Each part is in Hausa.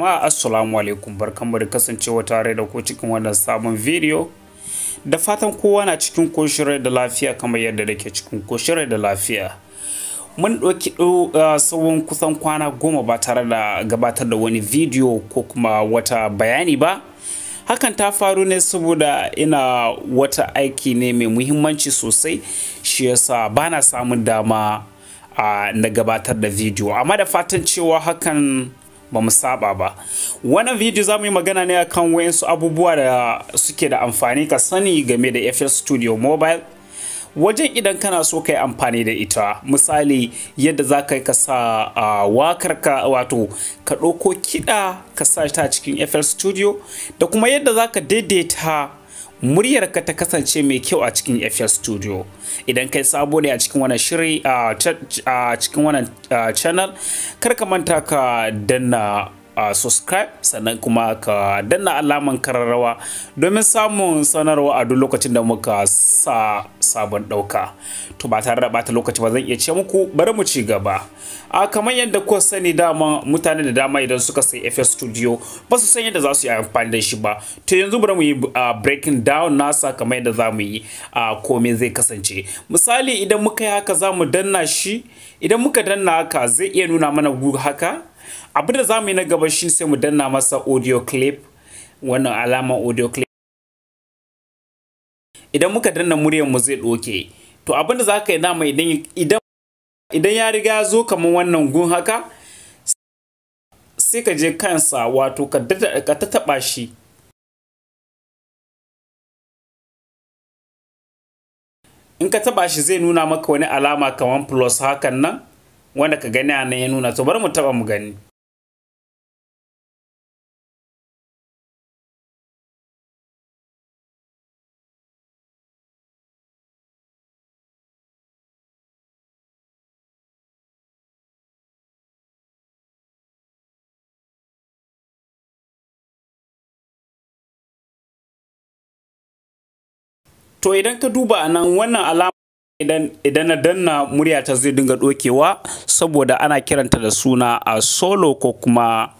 jama'a assalamu alaikum barkanmu da kasancewa tare da ku cikin wannan sabon video da fatan kowa na cikin koshirai da lafiya kamar yadda dake cikin koshirai da lafiya mun ɗauki ah, tsawon kusan kwana goma ba tare da gabatar da wani video ko kuma wata bayani ba hakan ta faru ne saboda ina wata aiki ne mai muhimmanci sosai shi yasa bana samun dama ah, na gabatar da video amma da fatan cewa hakan ba mu saba ba wannan video za mu yi magana ne akan wayansu abubuwa da suke da amfani ka sani game da FL Studio Mobile wajen idan kana so ka yi amfani da ita misali yadda za ka yi ka sa wakar ka wato ka ɗauko kiɗa ka sa ta cikin FL Studio da kuma yadda za ka daidaita muryarka ta kasance mai kyau a cikin FL Studio. Idan kai sabo ne a cikin wannan shiri a cikin wannan channel, kar ka manta ka danna a subscribe sannan kuma ka danna alaman kararrawa domin samun sanarwa a duk lokacin da muka sa sabon ɗauka to ba tare da bata lokaci ba zan iya ce muku bari mu ci gaba a kamar yadda kuka sani dama mutane da dama idan suka sai FS Studio ba su san yadda za su yi amfani da shi ba to yanzu bari mu yi breaking down nasa kamar yadda za mu yi a komai zai kasance misali idan muka yi haka za mu danna shi idan muka danna haka zai iya nuna mana haka abin da za mu yi na gaba shi sai mu danna masa audio clip wannan alama audio clip idan muka danna muryar mu zai doke to abin da za ka yi dama idan idan idan ya riga ya zo kamar wannan gun haka sai ka je kansa wato ka tattaɓa shi in ka taɓa shi zai nuna maka wani alama kamar plus hakan nan wanda ka gani a nan ya nuna to bari mu taba mu gani To idan ka duba a nan wannan alama idan na danna murya ta zai dinga ɗokewa saboda ana kiranta da suna a solo ko kuma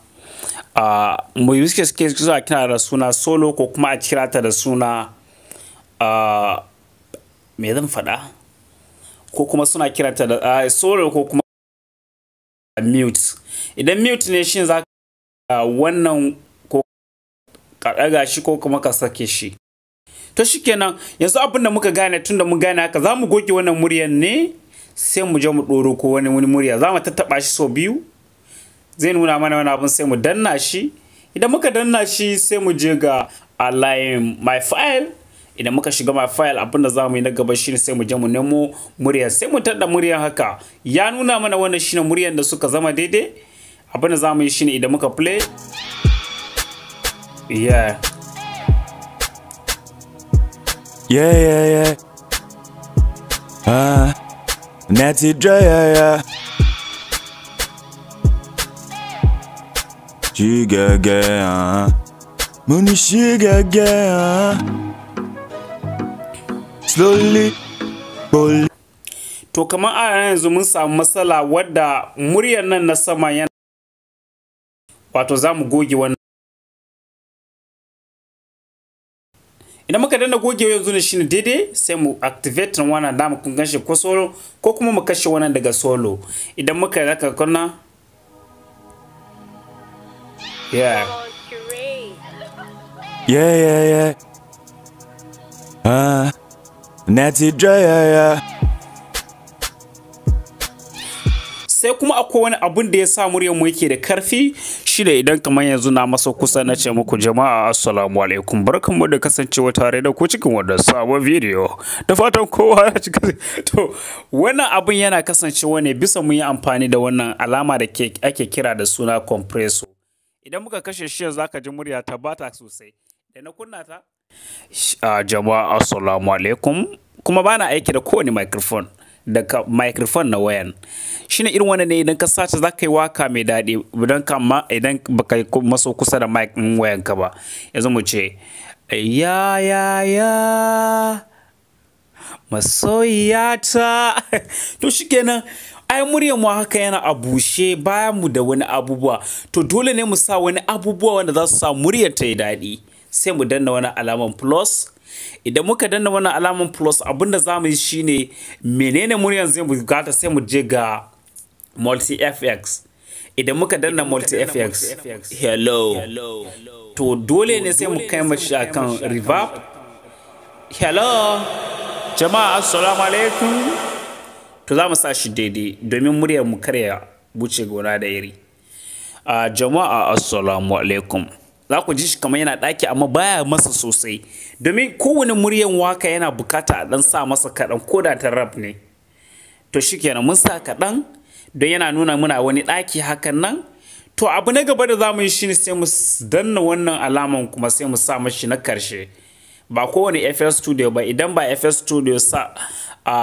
a mai suke suke zuwa kina da suna solo ko kuma a kira ta da suna a me zan faɗa ko kuma suna kiranta da a solo ko kuma mute idan mute ne shi za ka wannan ko ka ɗaga shi ko kuma ka sake shi to kenan yanzu abin da muka gane tun da mun gane haka za mu goge wannan muryan ne sai mu je mu ɗoro ko wani wani murya za mu tattaɓa shi sau biyu zai nuna mana wani abin sai mu danna shi idan muka danna shi sai mu je ga align my file idan muka shiga my file da za mu yi na gaba shine sai mu je mu nemo murya sai mu tada murya haka ya nuna mana wannan shine muryan da suka zama daidai Abin da za mu yi shine idan muka play yeah Yeah, yeah, yeah. Ah, uh, Nancy Dre, yeah, yeah. She get get, uh. Uh-huh. Money she get get, uh. Uh-huh. Slowly, slowly. To kamar a yanzu mun samu matsala wadda muryar nan na sama yana wato za mu goge wannan idan muka danna gogewa yanzu ne shine daidai sai mu activate wannan da mu kun ganshi ko solo ko kuma mu kashe wannan daga solo idan muka zaka kunna yeah yeah yeah yeah ah nati dry yeah, yeah. sai kuma akwai wani abun da ya sa muryar mu yake da karfi shida idan kamar yanzu na maso kusa na ce muku jama'a assalamu alaikum barkanmu da kasancewa tare da ku cikin wannan sabon bidiyo da fatan kowa ya ci to wannan abin yana kasancewa ne bisa mun yi amfani da wannan alama da ake kira da suna compresso idan muka kashe shi zaka ji murya ta bata sosai da na kunna ta ah, jama'a assalamu alaikum kuma bana aiki da kowane microphone daga microphone na wayan shine irin wani ne idan ka sace za ka yi waka mai daɗi idan ka ma idan yi maso kusa da mic in wayan ka ba yanzu mu ce ya ya ya ta to kenan ai muryar mu haka yana a bushe bayan mu da wani abubuwa to dole ne mu sa wani abubuwa wanda za su sa muryar ta yi daɗi sai mu danna wani alaman plus idan muka danna wannan alaman plus abinda za mu yi shine menene muryan zai gata sai mu je ga multi fx idan muka danna multi fx hello to dole ne sai mu kai mashi akan reverb hello jama'a assalamu alaikum to za mu sa shi daidai domin muryar mu karya wuce gona da iri ah, jama'a assalamu alaikum za ku ji shi kamar yana ɗaki amma baya masa sosai domin kowane muryan waka yana bukata a ɗan sa masa kaɗan ko da ta rap ne to shikenan mun sa kaɗan don yana nuna muna wani ɗaki hakan nan to abu na gaba da za mu yi shine sai mu danna wannan alaman kuma sai mu sa mashi na karshe ba kowane Fs Studio ba idan ba Fs Studio sa a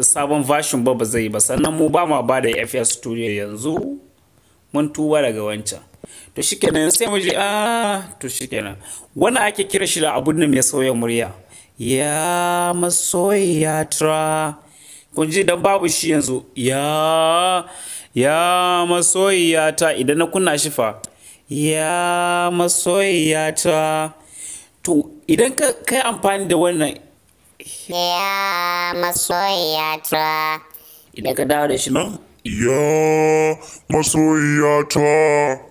sabon version ba ba zai ba sannan mu ba ma ba da Fs Studio yanzu mun tuba daga wancan to shikenan sai mu ji a ah, to shikenan wannan ake kira shi da abun mai sauya murya ya masoyya tra kun ji dan babu shi yanzu ya ya masoyya ta idan na kunna shi fa ya masoyya ta to idan ka kai amfani da wannan ya masoyya ta idan ka dawo da shi nan ya masoyya ta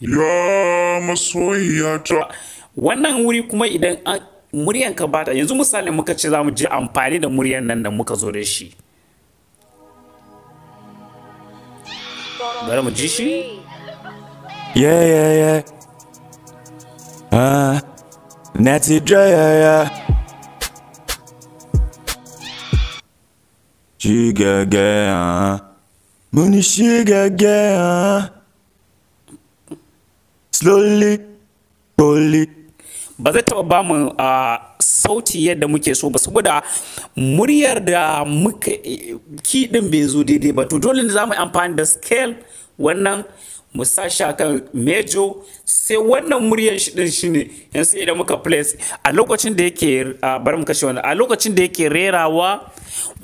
ya masoyiyata wannan wuri kuma idan muryan ka bata yanzu misali muka ce za mu je amfani da muryan nan da muka zo da shi bari mu ji shi Ya-ya-ya. ah uh, natty ya ji yeah. Sugar girl, shi sugar girl. slowly slowly ba zai taɓa ba mu sauti yadda muke so ba saboda muryar da muka kiɗin bai zo daidai ba to dole ne za mu yi amfani da scale wannan mu sa shi kan mejo sai wannan muryan shi din shine sai idan muka place a lokacin da yake bari mu kashe wannan a lokacin da yake rerawa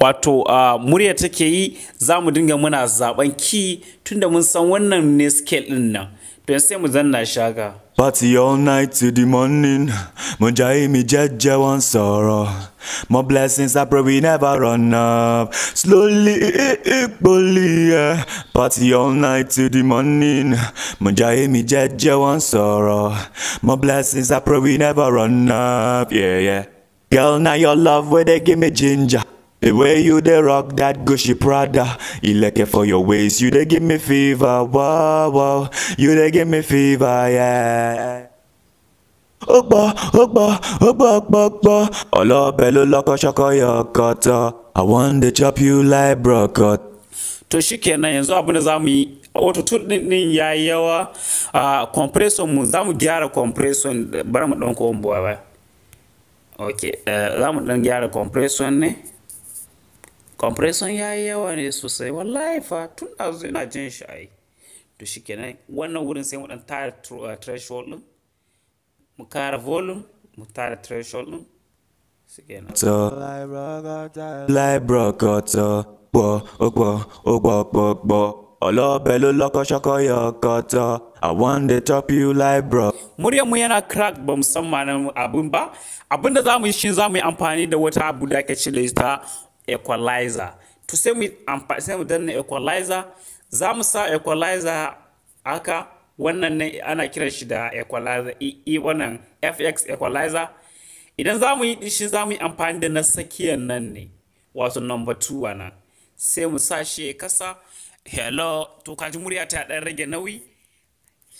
wato murya take yi za mu dinga muna zaben ki tunda mun san wannan ne scale din nan to yan sai mu zanna shaga Party all night to the morning. Mo jai mi jaja wan sorrow. More blessings I pray we never run up. Slowly, slowly, yeah. Party all night to the morning. mean. My joy, me jet, joy, sorrow. My blessings, I pray we never run up. Yeah, yeah. Girl, now your love, where they give me ginger. The way you they rock that gushy Prada, you like it for your waist, you they give me fever, wow, wow, you they give me fever, yeah. Ogba, ogba, ogba, ogba, ogba, ọlọ́bẹ̀ ló lọ́kọ́ ṣọkọ yọkọ̀tọ̀, I want to chop you like brocot. To shi kenan yanzu up da za mu yi autotune din din ya yawa a compression mu zamu gyara compression bar mu ɗan kowon buwa ba okay eh, zamu dan gyara compression ne compression ya yawa ne sosai wallahi fa tun da zuwa ina jin shi ai to shi kenan wannan gurin sai mu dan tara eh, threshold din mu kara volume mu tara threshold ɗin su kenan. so lai bo, kwo oh, bo, okwo oh, bo. Olobe lo loko shoko yokoto. I want to top you like bro. Muryar mu yana crack ba musamman abun ba. Abunda da zamu yi shi zamu yi amfani da wata abu da ake cire ta equalizer. To say mu amfani sai mu danna equalizer. Za mu sa equalizer haka wannan ne ana kiran shi da equalizer e, e wannan FX equalizer. Idan za mu yi shi za mu yi amfani da na tsakiyar nan ne. Wato number 2 nan. Sai mu sa shi kasa hello to kaji murya ta dan rage nauyi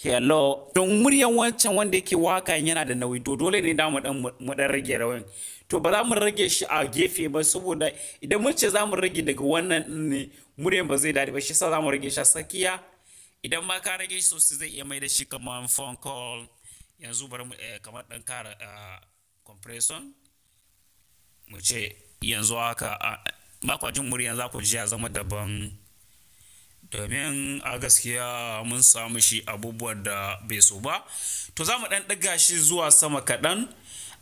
hello don muryan wancan wanda yake waka yana da nauyi to dole ne da mu dan mu dan rage rawan to ba za mu rage shi a gefe ba saboda idan mun ce za mu rage daga wannan ne muryan ba zai dadi ba shi sa za mu rage shi a sakiya. idan ma ka rage shi sosai zai iya mai da shi kamar phone call yanzu bari mu eh, kamar dan kara ah, compression mu ce yanzu haka ah, ba kwa jin muryan za ku ji ya zama daban domin a gaskiya mun samu shi abubuwan da bai so ba to za mu ɗan ɗaga shi zuwa sama kaɗan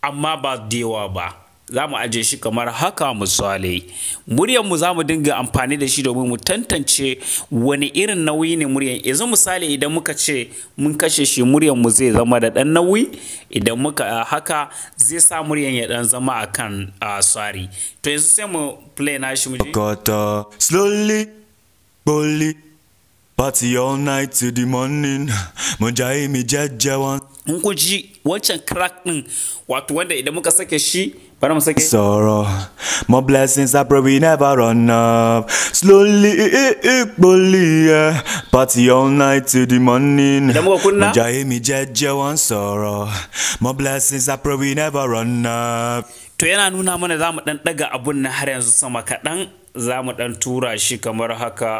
amma ba da ba za mu aje shi kamar haka misali muryarmu za mu dinga amfani da shi domin mu tantance wani irin nauyi ne muryar yanzu misali idan muka ce mun kashe shi muryarmu zai zama da ɗan nauyi idan muka haka zai sa muryar ya ɗan zama akan sari to yanzu sai mu play na shi mu slowly Bully. Party all night to the morning, mujayi mi jaja wan. ku ji wancan crack ɗin wato wanda idan muka sake shi bari mu sake. Sorrow, more blessings I pray we never run up. Slowly, eh, eh, bully, yeah. Eh. Party all night to the morning. Idan muka kuna. Mujayi mi jaja wan sorrow, more blessings I pray we never run up. Tuyena nuna mana za mu abu na hari yanzu sama katang. za mu ɗan tura shi kamar haka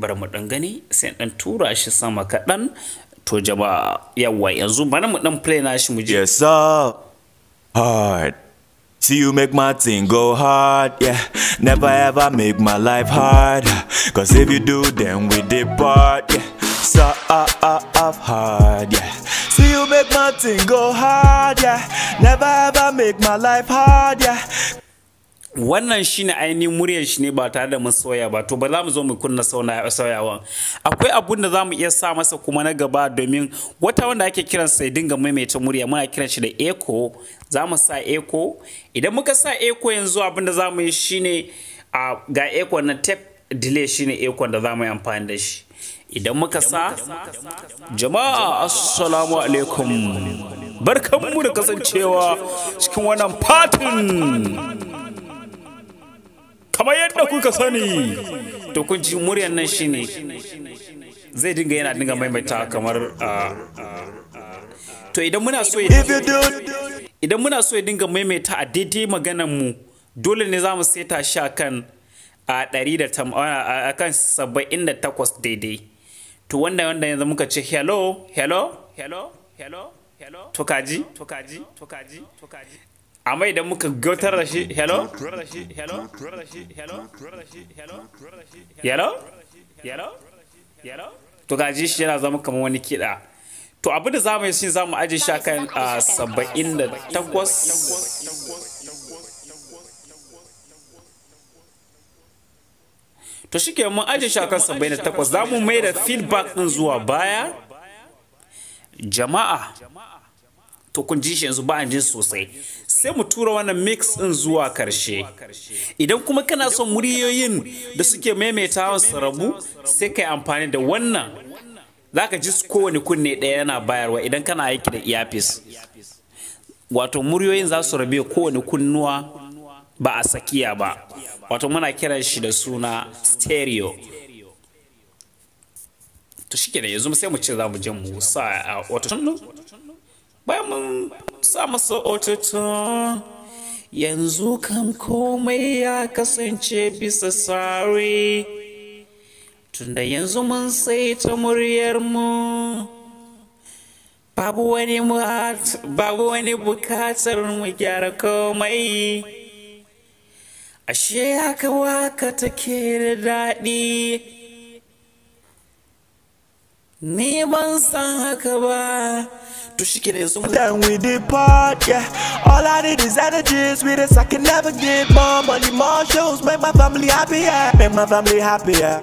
bari mu ɗan gani sai ɗan tura shi sama kaɗan to jama'a yawa yanzu bari mu ɗan play nashi mu je yes sir hard See you make my thing go hard, yeah. Never ever make my life hard. Cause if you do, then we depart, yeah. So i uh, uh, hard, yeah. See you make my thing go hard, yeah. Never ever make my life hard, yeah. wannan shine ainihin muryar shi ne ba tare da mun soya ba to ba za mu zo mu kunna sauyawa. akwai abun da za mu iya sa masa kuma na gaba domin wata wanda ake kiran sai dinga maimaita murya muna kiran shi da echo za mu sa echo idan muka sa echo yanzu abin da za mu yi shine a ga echo na tap delay shine echo da za mu yi amfani da shi idan muka sa jama'a assalamu alaikum barkanmu da kasancewa cikin wannan fatin kamar yadda kuka sani to kun ji muryar nan shine zai dinga yana dinga maimaita kamar ah, ah, ah. to idan muna so idan muna so ya dinga maimaita a daidai maganan mu dole ne za mu saita shi akan a ɗari da akan saba'in da takwas daidai to wanda wanda yanzu muka ce hello hello hello hello hello to kaji to kaji to kaji to kaji amma idan muka gautar da shi hello hello hello hello to ga shi yana zama kamar wani kiɗa to abu da zamu yi shi zamu aje shi akan ah, saba'in da takwas to shike mun aje shi akan saba'in da takwas za mu mai da feedback ɗin zuwa baya jama'a to kun ji shi yanzu ba an jin sosai sai mu tura wannan mix ɗin zuwa karshe idan kuma kana son muryoyin da suke maimaitawa su rabu sai ka amfani da wannan za ka ji kowane kunne ɗaya yana bayarwa idan kana aiki da iyafis wato muryoyin za su rabe kowane kunnuwa ba a sakiya ba wato muna kiran shi da suna stereo to shi yanzu sai mu ce za mu je mu sa a wato ba mun sa masa ototo yanzu kan komai ya kasance bisa sari tunda yanzu mun sai ta muryarmu babu wani babu bukatar mu gyara komai ashe haka waka take da daɗi Ni ban To shi Then we depart, yeah. All I need is energies with us. I can never get more money, more shows. Make my family happier. Make my family happier.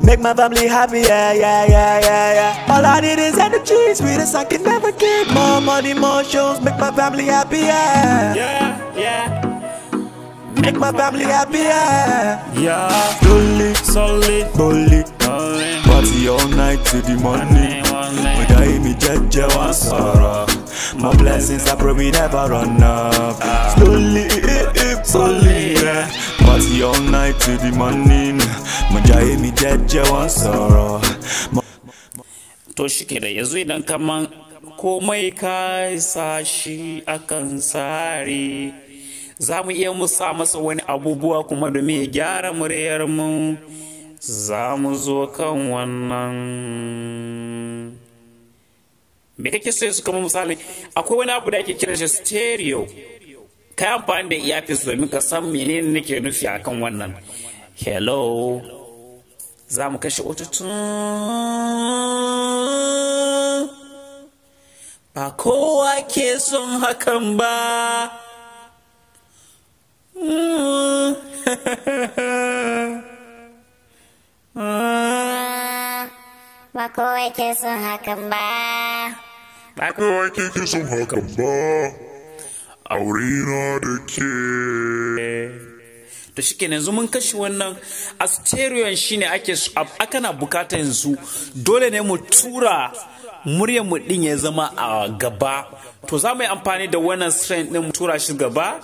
Make my family happy, yeah, yeah, yeah, yeah, yeah. All I need is energy, sweetest. I can never get more money, more shows. Make my family happy, yeah. Yeah, yeah. Make my family happy, yeah. Yeah. Bully, solid, bully. party all night to the morning. We die me jeje one sorrow. My blessings I pray we never run up. Slowly, slowly, yeah. Party all night to the morning. My die me jeje one sorrow. To shake shike da yanzu idan kaman komai ka sa shi akan tsari. za mu iya musa masa wani abubuwa kuma domin ya gyara muryar mu za mu zo kan wannan me kake so su kama misali akwai wani abu da ake kiran shi stereo ka yi amfani da iyafis domin ka san menene nake nufi akan wannan hello za mu kashe ututun. ba kowa ke son hakan ba mm. ba kowa ke son hakan ba ba kowa ke ke son hakan ba aure na da ke to shike yanzu mun kashe wannan asterion shine ake akana bukata yanzu dole ne mu tura muryar mu din ya zama a gaba to za mu yi amfani da wannan strength din mu tura shi gaba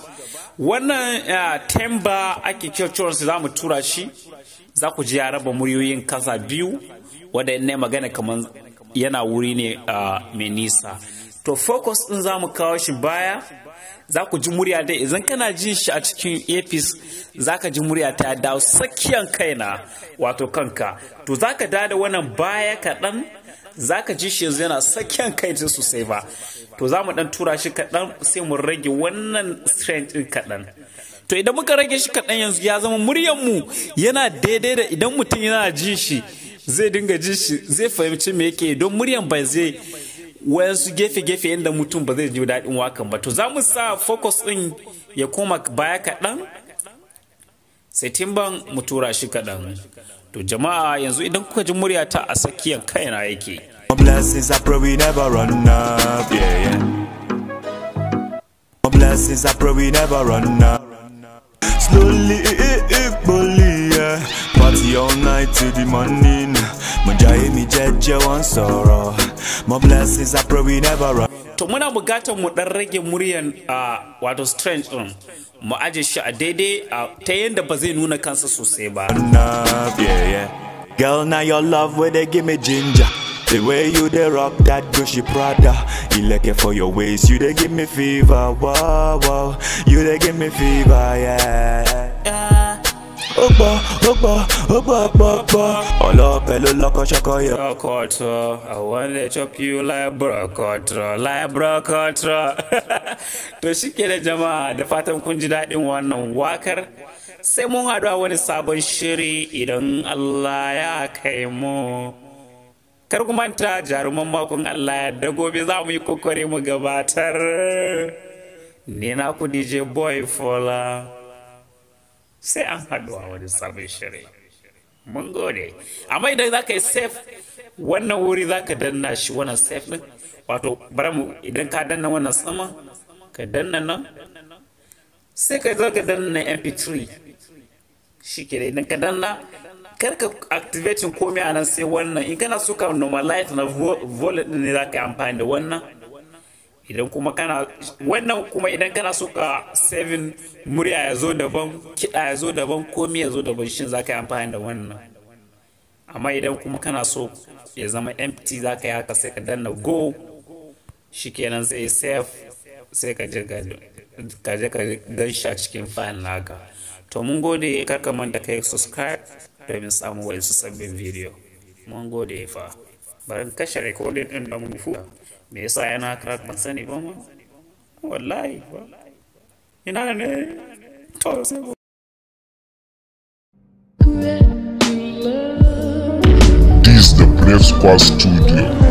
wannan ah, temba ake kyau za mu tura shi za ku ji ya raba muryoyin kasa biyu wanda magana kamar yana wuri ne a mai nisa to focus din za mu kawo shi baya za ku ji murya dai idan kana jin shi a cikin apis za ka ji murya ta dawo tsakiyan kaina wato kanka to za ka da wannan baya kaɗan za ka ji shi yanzu yana tsakiyan kai sosai ba to za mu ɗan tura shi kaɗan sai mu rage wannan strength ɗin kaɗan to idan muka rage shi kaɗan yanzu ya zama mu yana daidai da idan mutum yana ji shi zai dinga ji shi zai fahimci me yake don muryan ba zai wayansu gefe-gefe yadda mutum ba zai ji daɗin wakan ba to za mu sa focus ɗin ya koma baya kaɗan setimban mu tura shi kaɗan to jama'a yanzu idan kuka ji murya ta a tsakiyar kaina yake blessings I pray we never run up yeah yeah blessings I pray we never run up slowly equally eh, eh, eh, yeah. Party all night till the morning joy me jet you wọn sorrow My blessings I pray we never run To muna bukatar mu dan rage muryan a ah, wato strange din mu aje shi a daidai ah, ta yanda ba zai nuna kansa sosai ba. Girl, now your love where they give me ginger. The way you dey rock that Gucci Prada You like it for your waist You dey give me fever, wow, wow You dey give me fever, yeah, yeah. Oba Oba ogbo, ogbo, ogbo Ọlọ pẹ̀lú lọ́kọ̀ ṣọkọ yẹ. Ọkọ̀tọ̀, I wan dey chop you like brokotro, like brokotro. To shi kenan jama'a da fatan kun ji daɗin wannan wakar. Sai mun haɗu a wani sabon shiri idan Allah ya kai kar ku manta jaruman makon Allah ya da gobe za mu yi kokari mu gabatar ne na ku DJ Boy Fola sai an haɗu a wani sabon shirin. mun gode amma idan za ka yi safe wannan wuri za ka danna shi wannan safe ɗin wato bari mu idan ka danna wannan sama ka danna nan sai ka zo ka danna mp3 shi ke idan ka danna karka activating komai a nan sai wannan in kana so ka normalize na wallet ne za ka amfani da wannan idan kuma kana wannan kuma idan kana so ka saving murya ya zo daban kiɗa ya zo daban komai ya zo daban shin za ka yi amfani da wannan amma idan kuma kana so ya zama empty za ka yi haka sai ka danna go shi kenan sai save sai ka je ka gan shi a cikin file naka to mun gode kar ka manta kai subscribe domin samun waɗansu sabbin bidiyo mun gode fa bari kashe rikodin ɗin da mun me yasa yana crack ban sani ba ma wallahi ina ne to sai This is the Brave Squad Studio.